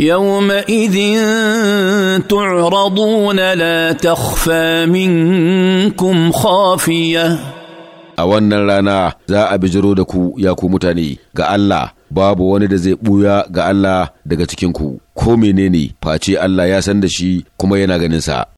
يومئذ تعرضون لا تخفى منكم خافيه a wannan rana za a bijiro da ku ya ku mutane ga Allah babu wani da zai ɓuya ga Allah daga cikinku ko menene face Allah ya san da shi kuma yana ganinsa